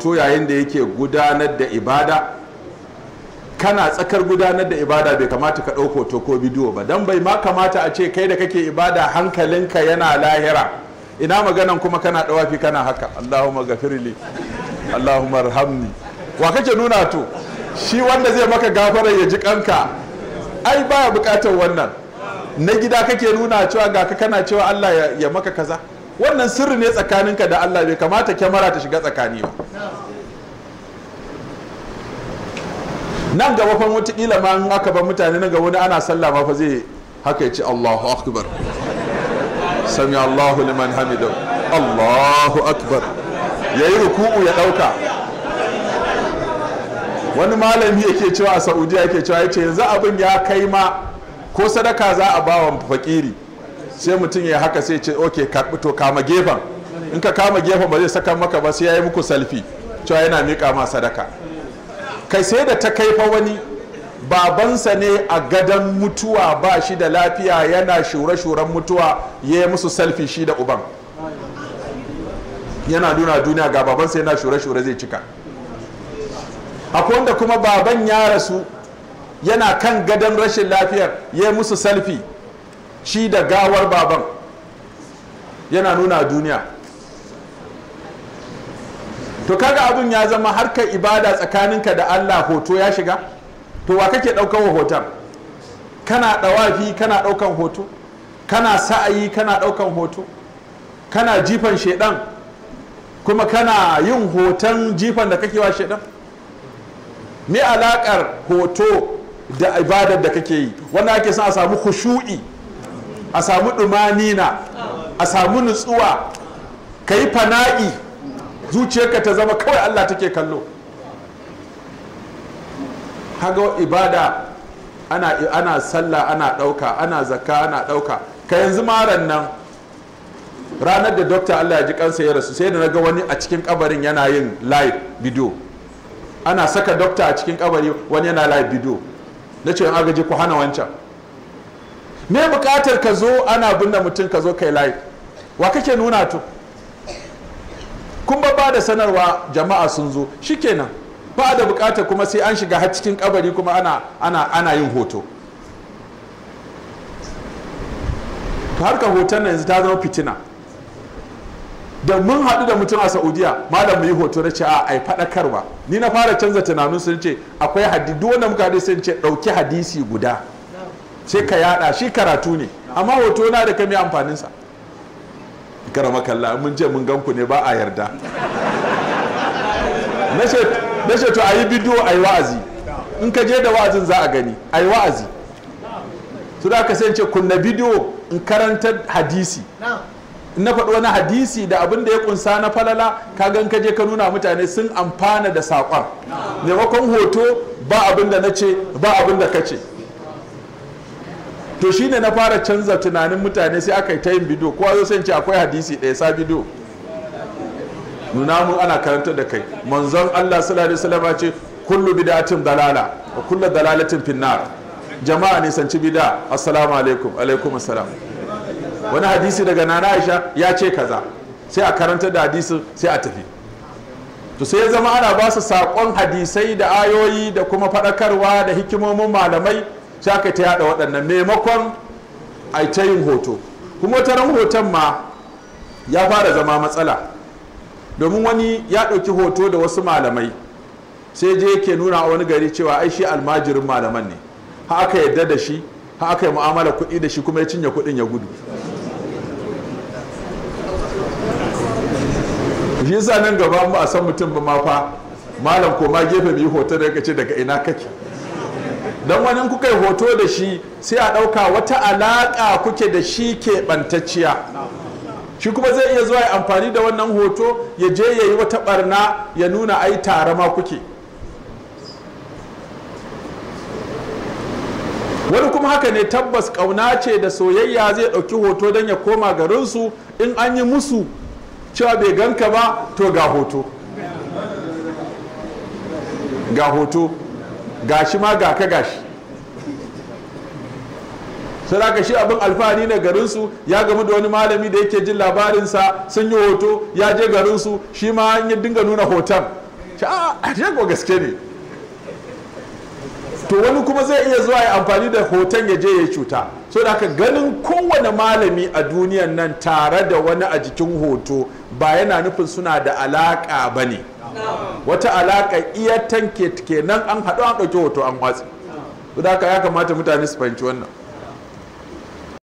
to yayin da yake gudanar da ibada kana tsakar gudanar da ibada bai kamata ka ɗauko hoto ko bidiyo ba don bai ma kamata a ce kai da kake ibada hankalinka yana lahira ina maganan kuma kana ɗawafi kana haka allahumma gafirli allahumma rahamni wa kake nuna to shi wanda zai maka gafara ya ji kanka ai ba bukatar wannan na gida kake nuna cewa ga ka kana cewa allah ya maka kaza wannan sirri ne tsakaninka da allah bai kamata kyamara ta shiga tsakani ba nan gaba fa wataƙila ma in aka ba mutane nan gaba wani ana sallah ma fa zai haka ya ce Allahu akbar sami Allahu liman hamida Allahu akbar yayi ruku'u ya dauka wani malami yake cewa a Saudiya yake cewa yace yanzu abin ya kai ma ko sadaka za a ba wa fakiri sai mutum ya haka sai ce okay karbi to kama gefen in ka kama gefen ba zai saka maka ba sai yayi muku salfi cewa yana mika ma sadaka kai sai da ta kaifa wani babansa ne a gadon mutuwa ba shi da lafiya yana shure-shuren mutuwa ya yi musu salfi shi da uban yana nuna duniya ga babansa yana shure-shure zai cika akwai wanda kuma baban ya rasu yana kan gadon rashin lafiyar ya yi musu salfi shi da gawar baban yana nuna duniya to kaga abin ya zama harkar ibada tsakaninka da Allah hoto ya shiga to wa kake daukan hoton kana ɗawafi kana ɗaukan hoto kana sa'ayi kana ɗaukan hoto kana jifan shaidan kuma kana yin hoton jifan da kake wa shaidan me alaƙar hoto da ibadar da kake yi wanda ake son a samu khushu'i a samu na, a samu nutsuwa ka yi fana'i zuciyarka ta zama kawai Allah take kallo haga ibada ana ana sallah ana ɗauka ana zakka ana ɗauka ka yanzu maran nan ranar da dokta Allah ya ji kansa ya rasu sai da na ga wani a cikin kabarin yana yin live video ana saka dokta a cikin kabari wani yana live video na ce agaji ku hana wancan me bukatar ka zo ana binne mutum ka zo kai live wa kake nuna to kun ba da sanarwa jama'a sun zo shikenan ba da bukata kuma sai an shiga har cikin kabari kuma ana ana ana yin hoto harka hoton nan yanzu ta zama fitina da mun haɗu da mutum a saudiya malam mu yi hoto na ce a ai faɗakarwa ni na fara canza tunanin sun ce akwai hadisi wanda muka haɗu sun ce ɗauki hadisi guda sai ka yaɗa shi karatu ne amma hoto na da kame amfaninsa karama kalla mun je mun ganku ne ba a yarda na ce to a yi bidiyo a yi wa'azi in ka je da wa'azin za a gani a yi wa'azi su da aka sai kunna bidiyo in karanta hadisi in na faɗi wani hadisi da abin da ya kunsa na falala ka gan ka je ka nuna mutane sun amfana da saƙon maimakon hoto ba abin da na ce ba abin da ka ce to shine na fara canza tunanin mutane sai aka yi ta yin bidiyo kowa zai sanci ce akwai hadisi ɗaya sa bidiyo nuna mu ana karanta da kai manzon Allah sallallahu alaihi wasallam ce kullu bid'atin dalala wa kullu dalalatin finnar jama'a ne sanci bid'a assalamu alaikum alaikum assalam wani hadisi daga nana Aisha ya ce kaza sai a karanta da hadisin sai a tafi to sai ya zama ana ba su saƙon hadisai da ayoyi da kuma faɗakarwa da hikimomin malamai sai aka ta yada waɗannan maimakon a ta yin hoto kuma taron hoton ma ya fara zama matsala domin wani ya ɗauki hoto da wasu malamai sai je yake nuna a wani gari cewa ai shi almajirin malaman ne ha aka yadda da shi ha aka yi mu'amala kuɗi da shi kuma ya cinye kuɗin ya gudu shi sa nan gaba ba a san mutum ba ma fa malam ko ma gefe mai hoto da ya ce daga ina kake don wani kuka yi hoto da shi sai a ɗauka wata alaƙa kuke da shi ke keɓantacciya shi kuma zai iya zuwa ya amfani da wannan hoto ya je ya yi wata ɓarna ya nuna ai tare ma kuke wani kuma haka ne tabbas ƙauna ce da soyayya zai ɗauki hoto don ya koma garinsu in an yi musu cewa bai ganka ba to ga hoto ga hoto gashi ma ga ka gashi sai shi abin alfahari na garinsu ya gamu da wani malami da yake jin labarinsa sun yi hoto ya je garinsu shi ma an yi dinga nuna hoton ah, a gaske ne to wani kuma zai iya zuwa ya amfani da hoton ya je ya cuta so da ganin kowane malami a duniyan nan tare da wani a jikin hoto ba yana nufin suna da alaka ba ne wata alaka iya tanke kenan an haɗu an ɗauki hoto an watsi. da ya kamata mutane su fahimci wannan